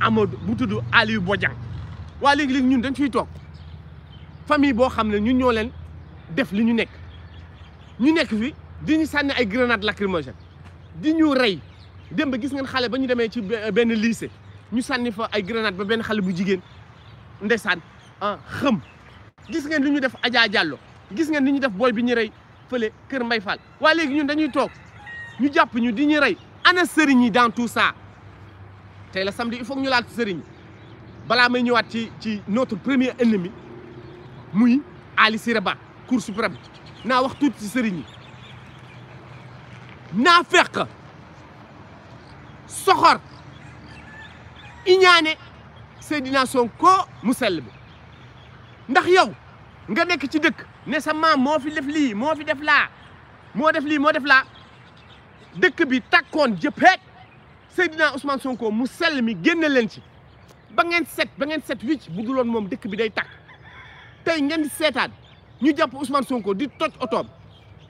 Amadou bu tudd Aliou Bodiang waa léegi-léegi ñun dañ fiy toog famille boo xam ne ñun ñoo leen def li ñu nekk ñu nekk fi di ñu sànni ay grenade lacrymogène di ñu rey démb gis ngeen xale ba ñu demee ci benn lycée ñu sànni fa ay grenade ba benn xale bu jigéen ndeysaan ah xëm gis ngeen li ñu def Adja Diallo gis ngeen li ñu def booy bi ñu rey fële Kër Mbay Fall waa léegi ñun dañuy toog ñu jàpp ñu di ñu rey ana sëriñ yi dans tout ça la samedi il faut ñu ci Nous notre premier ennemi muy Ali Sireba, cours cour suprême nous sommes ci sëriñ yi naa soxor iñaane Seydina Sonko mu bi ndax yow nga nekk ci dëkk nous sommes maam fi Seydina Ousmane Sonko mu sel mi génne len ci ba ngeen set ba ngeen set wicc bu dulon mom dëkk bi day tak tay ngeen di seetaan ñu japp Ousmane Sonko di toj auto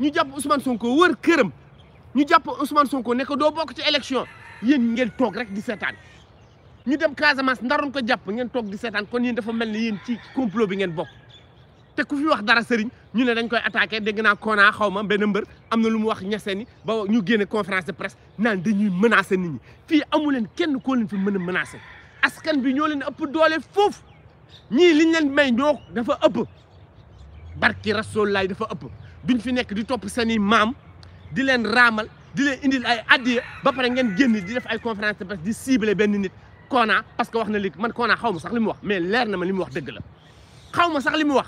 ñu japp Ousmane Sonko wër kërëm ñu japp Ousmane Sonko ne ko doo bokk ci élection yeen ngeen tok rek di seetaan ñu dem Casamance ndarun ko japp ngeen tok di seetaan kon yeen dafa melni yeen ci complot bi ngeen bok te ku fi wax dara sëriñ ñu ne dañ koy attaquer dégg na Kona xaw ma benn mbër am lu mu wax ñese ni ba ñu génne conférence de presse naan dañuy menacer nit ñi fi amu leen kenn ko leen fi mëna menacer askan bi ñoo leen ëpp doole fofu ñi liñ leen may ñoo dafa ëpp barki rasulallah dafa ëpp biñ fi nekk di top seni mam di leen ramal di leen indil ay addiya ba pare ngeen gënni di def ay conférence de presse di cibler ben nit Kona parce que wax na léegi man Kona xaw ma sax limu wax mais leer na ma limu wax dëgg la xawma sax limu wax.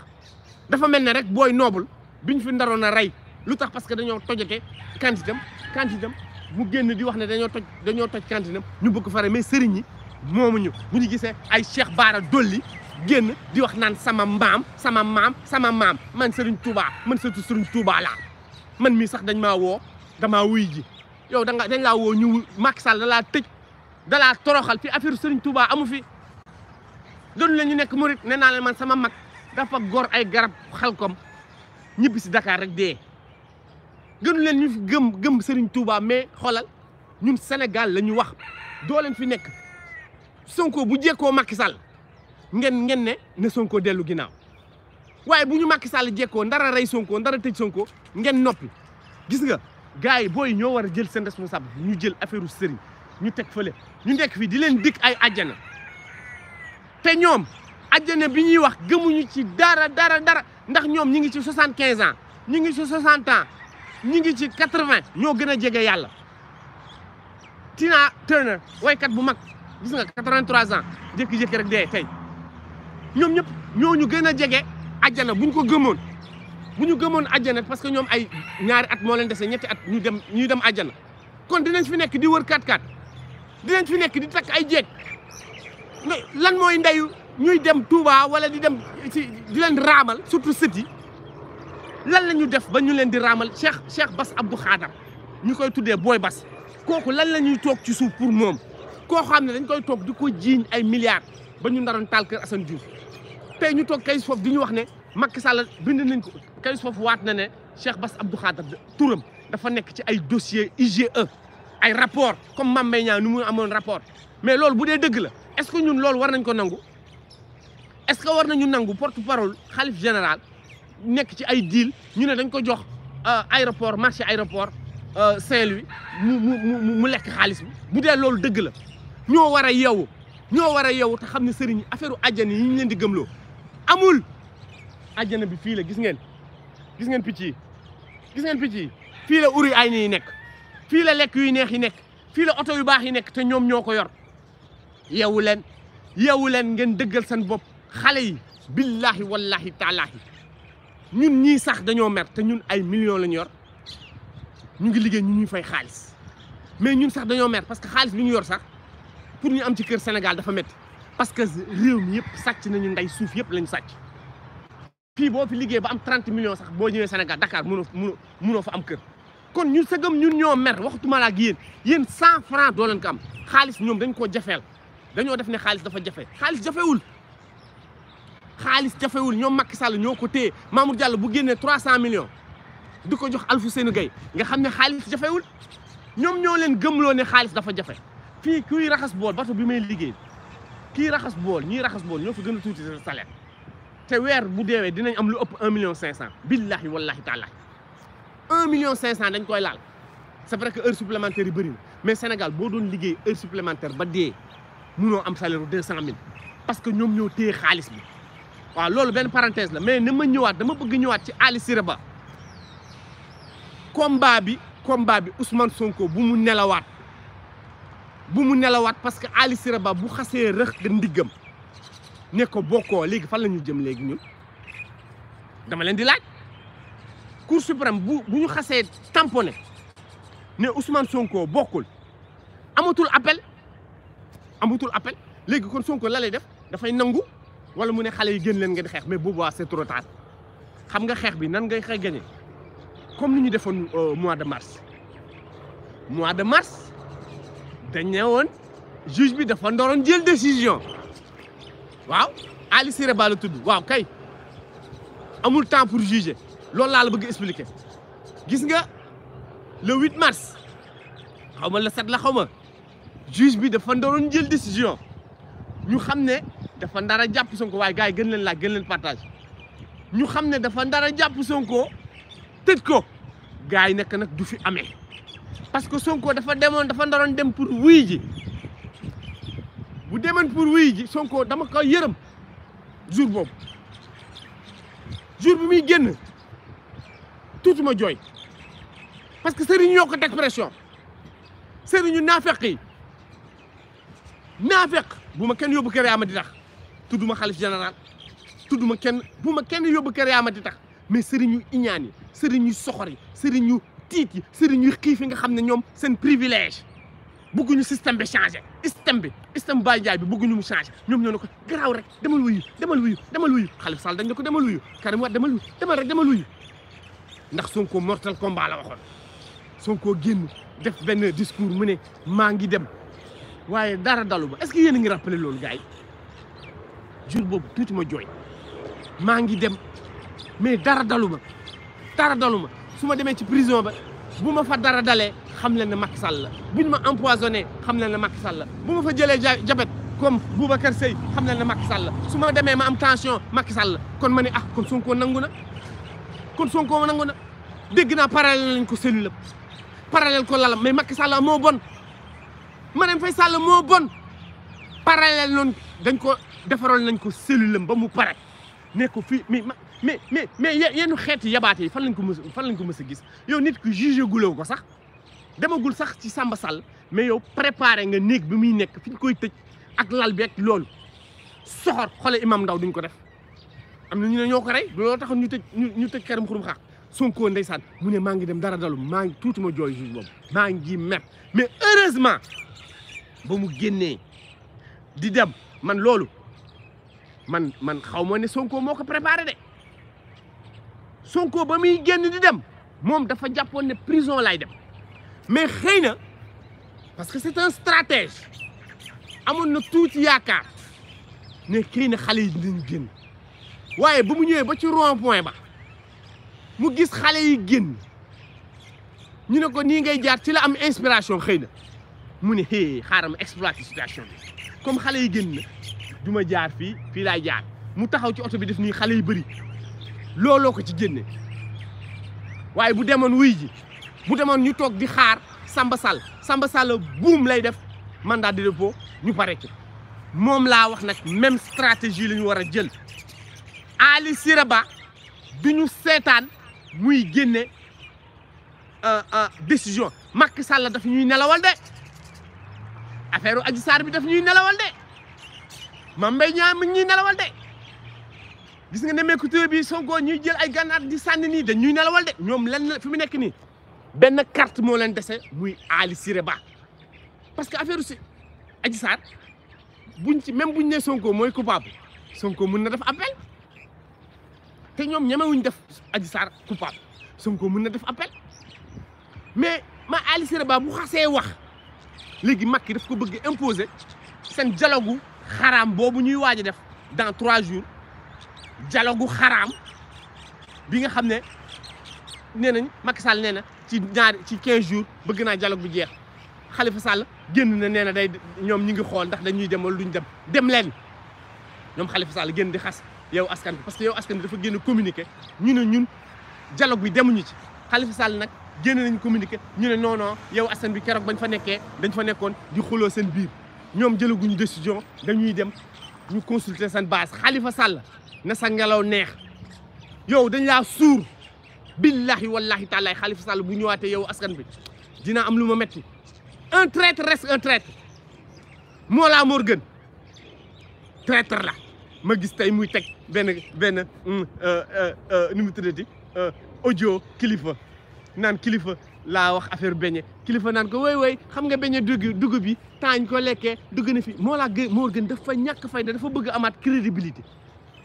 dafa mel ne rek booy noble biñ fi ndaroon a rey lu tax parce que dañoo tojate kantinam kantinam mu génn di wax ne dañoo toj dañoo toj kantinam ñu bëgg fare mais sëriñ yi moomuñu bu ñu gisee ay Cheikh Baara Dolli génn di wax naan sama mbaam sama maam sama maam man sëriñ Touba man sëtu sëriñ Touba laa man mii sax dañ ma woo damaa wuy ji yow da nga dañ laa woo ñu Macky Sall laa tëj da laa toroxal fi affaire sëriñ Touba amu fi doon la ñu nekk murit nee naa leen man sama mag dafa gor ay garab xelkom ñibbi si Dakar rek dee gënu leen ñu fi gëm gëm Serigne Touba mais xoolal ñun senegal la ñu wax doo leen fi nekk Sonko bu jekkoo Macky Sall ngeen ngeen ne ne Sonko dellu ginnaaw waaye bu ñu Macky Sall jekkoo ndara rey Sonko ndara tëj Sonko ngeen noppi gis nga gars yi booy ñoo war a jël seen responsable ñu jël affaire Serigne ñu teg fële ñu nekk fii di leen dikk ay àjjana te ñoom. àjjana bi ñuy wax gëmuñu ci dara dara dara ndax ñom ñi ngi ci 75 ans ñi ngi ci 60 ans ñi ngi ci 80 ño gëna jégué yalla Tina Turner kat bu mag gis nga 83 ans jëk jëk rek dé tay ñom ñëpp ño ñu gëna jégué àjjana buñ ko gëmoon buñu gëmoon àjjana parce que ñom ay ñaari at mo leen déssé ñetti at ñu dem ñuy dem àjjana kon dinañ fi nekk di wër kat kat dinañ fi nekk di tak ay jégg lan moy ndeyu ñuy dem Touba walla di dem ci di leen raamal surtout sët yi lan la ñu def ba ñu leen di raamal Cheikh Cheikh Bass Abdou Khadar ñu koy tuddee Boy Bass kooku lan la ñuy toog ci suuf pour moom koo xam ne dañ koy toog di ko jiiñ ay milliards ba ñu naroon taal kër Assane Diouf tey ñu toog kayis foofu di ñu wax ne Macky Sall bind nañ ko kayis foofu waat na ne Cheikh Bass Abdou Khadar turam dafa nekk ci ay dossier IGE ay rapport comme Mame Mbaye Niang nu mu amoon rapport mais loolu dee dëgg la est-ce que ñun loolu war nañ ko nangu est-ce que war nañu nangu porte-parole xalif général nekk ci ay deal ñu ne dañ ko jox euh, aéroport marché aéroport euh, Saint-Louis mu mu mu lekk xaalis bi bu dee loolu dëgg la ñoo war a yeewu ñoo war a yeewu te xam ne sëriñ affaire àjjana yi ñu leen di gëmloo amul àjjana bi fii la gis ngeen gis ngeen picc yi gis ngeen picc yi fii la uri ay nii nekk fii la lekk yuy neex yi nekk fii la oto yu baax yi nekk te ñoom ñoo ko yor yeewu leen yeewu leen ngeen dëggal seen bopp xale yi billahi wallahi ta'ala ñun ñi sax dañoo mer te ñun ay millions lañ yor ñu ngi liggé ñu ñuy fay xaaliss mais ñun sax dañoo mer parce que xaaliss bi ñu yor sax pour ñu am ci kër Sénégal dafa métti parce que réew mi yëpp sàcc nañu nday suuf yëpp lañu sàcc fi bo fi liggé ba am 30 millions sax bo ñëwé Sénégal Dakar mëno mëno fa am kër kon ñu sëgëm ñun ñoo mer waxtu mala ak yéen yéen 100 francs do lañ ko am xaaliss ñoom dañ ko jafel dañoo def ne xaaliss dafa jafe xaalis jafewul خالص تفاول نيوم ماكي سال نيوم كوتي مامور ديال بو 300 مليون ديكو جوخ الف حسين غاي nga xamne خالص تفاول نيوم نيو لين گملو ني خالص دا في كوي رخص بول باتو بي مي ليغي كي رخص بول ني رخص بول نيو في گن توتي سالير تي وير بو ديوي دي نان ام لو اوب 1 مليون 500 بالله والله تعالى 1 مليون 500 دنج كوي لال c'est vrai que heure supplémentaire bari mais senegal bo done ligue heure supplémentaire ba dié mëno am salaire 200000 parce que ñom ñoo téy waaw loolu benn parenthèse la mais ni ma ñëwaat dama bëgg ñëwaat ci Ali Siré Ba combat bi combat bi Ousmane Sonko bu mu nelawaat bu mu nelawaat parce que Ali Ba bu xasee rëx da ndiggam ne ko bokkoo léegi fan la ñu jëm léegi ñun dama leen di laaj Cour suprême bu bu ñu xasee tamponné ne Ousmane Sonko bokkul amatul appel amatul appel léegi kon Sonko la def dafay nangu. wala mu ne xale yi gën leen ngeen xeex mais boobaa c'est trop tard xam nga xeex bi nan ngay xeex gañe comme ni ñu defoon euh, mois de mars mois de mars dañ ne woon juge bi dafa ndoroon jël décision waaw Ali Siré Ba la tudd waaw kay amul temps pour juger loolu laa la bëgg expliquer gis nga le 8 mars xaw ma le 7 la xaw ma juge bi dafa ndoroon jël décision ñu xam ne. dafa ndara jàpp Sonko waaye gars yi gën leen laa gën leen partage ñu xam ne dafa ndara jàpp Sonko tëj ko gars yi nekk nag du fi amee parce que Sonko dafa demoon dafa ndaroon dem pour wuy ji bu demoon pour wuy ji Sonko dama ko yërëm jour boobu jour bi muy génn tuuti ma jooy parce que sëriñ ñoo ko teg pression sëriñu naafeq yi naafeq bu ma kenn yóbbu kër yaa ma di tax tudduma xalif général tudduma kenn bu ma kenn yóbbu kër yaa ma di tax mais sëriñu iñaan yi sëriñu soxor yi sëriñu tiit yi sëriñu xiif yi nga xam ne ñoom seen privilège bëgguñu système bi changé système bi système Baye Ndiaye bi bëgguñu mu changé ñoom ñoo ne ko garaaw rek demal wuyu demal wuyu demal wuyu Khalifa Sall dañ ne ko demal wuyu Karim Wade demal wuyu demal rek demal wuyu ndax Sonko mortal combat la waxoon Sonko génn def benn discours mu ne maa ngi dem waaye dara dalu ba est-ce que yéen a loolu gars jour boobu tuuti ma dem mais dara dara ci prison ba buma fa dara la ma empoisonné xam je ne Macky Sall fa jabet comme Boubacar Sey xam leen ne Macky Sall je ma am tension Macky kon mané ah, kon parallèle lañ cellule parallèle ko mais Macky Sall bon parallèle dañ ko defaral nañ ko cellule am ba mu pare ne ko fii mais mais mais mais yenn xeeti yabaate yi fan lañ ko mës fan lañ ko mës a gis yow nit ku jugé guloo ko sax demagul sax ci Samba Sall mais yow préparé nga néeg bi muy nekk fi koy tëj ak lal bi ak loolu soxor xole imam ndaw dañ ko def am na ñu ne ñoo ko rey looloo tax ñu tëj ñu tëj këram xurum xaax Sonko ndeysaan mu ne maa ngi dem dara dalu maa ngi tuuti ma jooy juge boobu maa ngi mer mais heureusement ba mu génnee di dem. man loolu man man xaw ma ne Sonko moo ko préparé de Sonko ba muy génn ni dem moom dafa jàppoon ne prison lay dem mais xëy na parce que c'est un stratège amoon na tuuti yaakaar ne xëy na xale yi dinañ génn waaye ba mu ñëwee ba ci rond point ba mu gis xale yi génn ñu ne ko nii ngay jaar ci la am inspiration xëy na mu ne xëy xaaram ma exploité bi. comme xale yi génn du ma jaar fii fii laay jaar mu taxaw ci oto bi def nii xale yi bëri looloo ko ci génne waaye bu demoon wuy ji bu demoon ñu toog di xaar Samba Sall Samba Sall buum lay def mandat de dépôt ñu pare moom laa wax nag même stratégie la ñu war a jël Ali Siraba bi ñu seetaan muy génne euh, euh, décision Macky Sall daf ñuy nelawal de. affaire Adji Sarr bi daf ñuy nelawal de Mame Mbaye Niang ñuy nelawal de gis nga nemmeeku turé bi Sonko ñuy jël ay gànnaar di sànni nii dañ ñuy nelawal de ñoom lenn fi mu nekk nii benn carte moo leen dese muy Ali Siré parce que affaire si Adji Sarr buñ ci même buñ ne sonkoo mooy coupable Sonko mun na def appel te ñoom ñemewuñ def Adji Sarr coupable Sonko mun na def appel mais ma Ali Siré Ba xasee wax léegi Macky daf ko bëgg imposer sen dialogue kharam bobu ñuy waji def dans 3 jours dialogue kharam bi nga xamné ne nee nañ Macky Sall nee na ci ñaar ci 15 jours bëgg na dialogue bi jeex Khalifa Sall genn na nee na day ñom ñi ngi xol ndax dañuy dem wala dem dem leen ñom Khalifa Sall genn di xass yow askan parce que yow askan dafa genn communiquer ñu ne ñun dialogue bi demu ñu ci Khalifa Sall nak génne nañ communiqué ñu ne non non yow Assane bi keroog bañ fa nekkee dañ fa nekkoon di xuloo seen biir ñoom jëlaguñu décision dañuy dem ñu consulter seen base Khalifa Sall na sa ngelaw neex yow dañ laa suur billahi wallahi taalaay Khalifa Sall bu ñëwaatee yow askan bi dina am lu metti un traître reste un traître moo laa gën traître la ma gis tey muy teg benn benn nu mu tuddati audio kilifa naan kilifa laa wax affaire beñe kilifa naan ko woy woy xam nga beñe dugg dugub bi taañ ko lekkee dugg na fi moo laa moo gën dafa ñàkk fay dafa bëgg amaat crédibilité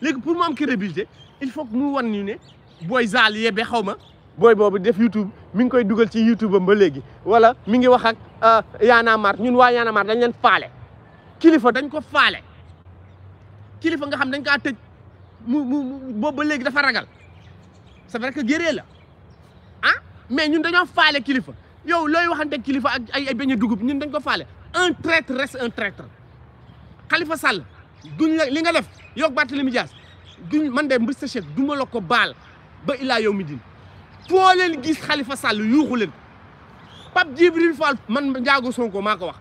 léegi pour mu am crédibilité il faut mu wan ñu ne booy zaal yebe xaw ma booy boobu def YouTube mi ngi koy dugal ci YouTube am ba léegi wala mi ngi wax ak euh, Yaana Mar ñun waa Yaana Mar dañ leen faale kilifa dañ ko faale kilifa nga xam dañ kaa tëj mu mu boobu ba léegi dafa ragal c'est vrai que géré la mais ñun dañoo faalé kilifa yow looy waxante kilifa ak ay ay beñe dugub ñun dañ ko faalé un traître reste un traître Khalifa Sall duñ li nga def yow Barthélemy Dias duñ man de Mister chek duma lako bal ba ila yow mi din gis Khalifa Sall yu xulen pap jibril Fall man Ndiago Sonko mako wax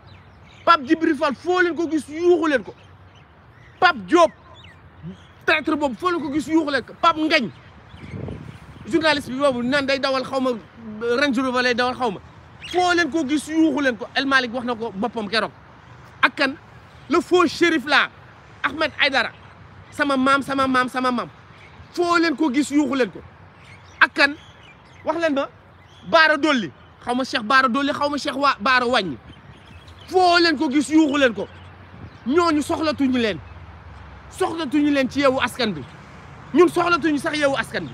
pap jibril Fall fo len ko gis yu xulen ko pap job traître bob fo len ko gis yu xulen ko pap Ngagne journaliste bi bobu nan day dawal xawma رانج روفر لي دون خاوما فو لين كو غيس يوخو لين كو المالك واخنا كو بوبام كيروك اك كان لو فو شريف لا احمد ايدارا سما مام سما مام سما مام فو لين كو غيس يوخو لين كو اك كان واخ لين با بارا دولي خاوما شيخ بارا دولي خاوما شيخ وا بارا واني فو لين كو غيس يوخو لين كو ньоني سوخلا توني لين سوخلا توني لين تي ياو اسكان بي ньоن سوخلا توني سخ ياو اسكان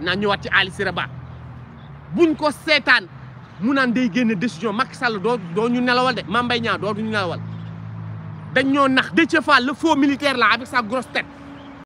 naa ñëwaat ci Ali Siré Ba buñ ko seetaan mu naan day génne décision Macky Sall doo ñu nelawal de Mame Mbaye Niang doo ñu nelawal dañ ñoo nax Déthié Fall le faux militaire la avec sa grosse tête